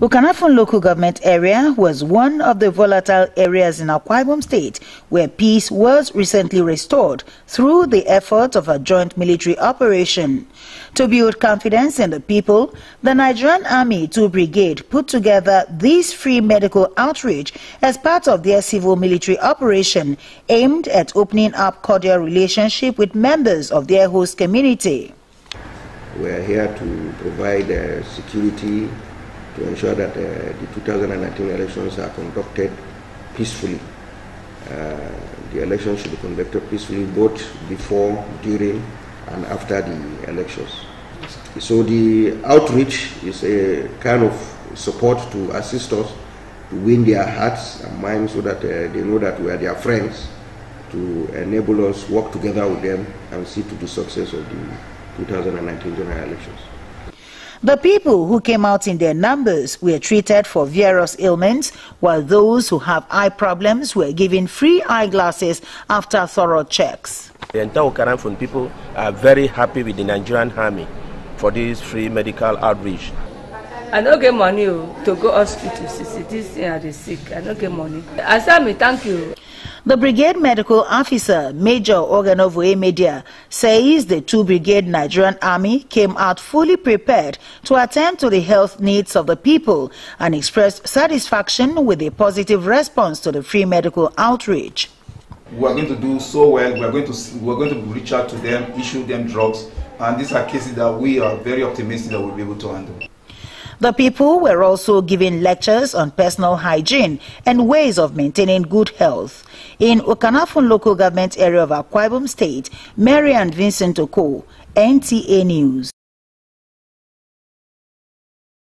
Ukanafon local government area was one of the volatile areas in Akwa Ibom state where peace was recently restored through the efforts of a joint military operation. To build confidence in the people, the Nigerian Army 2 Brigade put together this free medical outreach as part of their civil military operation aimed at opening up cordial relationship with members of their host community. We are here to provide uh, security to ensure that uh, the 2019 elections are conducted peacefully. Uh, the elections should be conducted peacefully both before, during, and after the elections. So the outreach is a kind of support to assist us to win their hearts and minds so that uh, they know that we are their friends to enable us work together with them and see to the success of the 2019 general elections. The people who came out in their numbers were treated for various ailments, while those who have eye problems were given free eyeglasses after thorough checks. The entire Okaranfun people are very happy with the Nigerian army for this free medical outreach. I no get money oh, to go hospital. See, this thing I sick. I no get money. I say me thank you. The brigade medical officer, Major Oganovue Media, says the two brigade Nigerian army came out fully prepared to attend to the health needs of the people and expressed satisfaction with a positive response to the free medical outreach. We are going to do so well. We are going to we are going to reach out to them, issue them drugs, and these are cases that we are very optimistic that we'll be able to handle. The people were also giving lectures on personal hygiene and ways of maintaining good health. In Okanafun local government area of Akwa Ibom State, Mary and Vincent Oko, NTA News.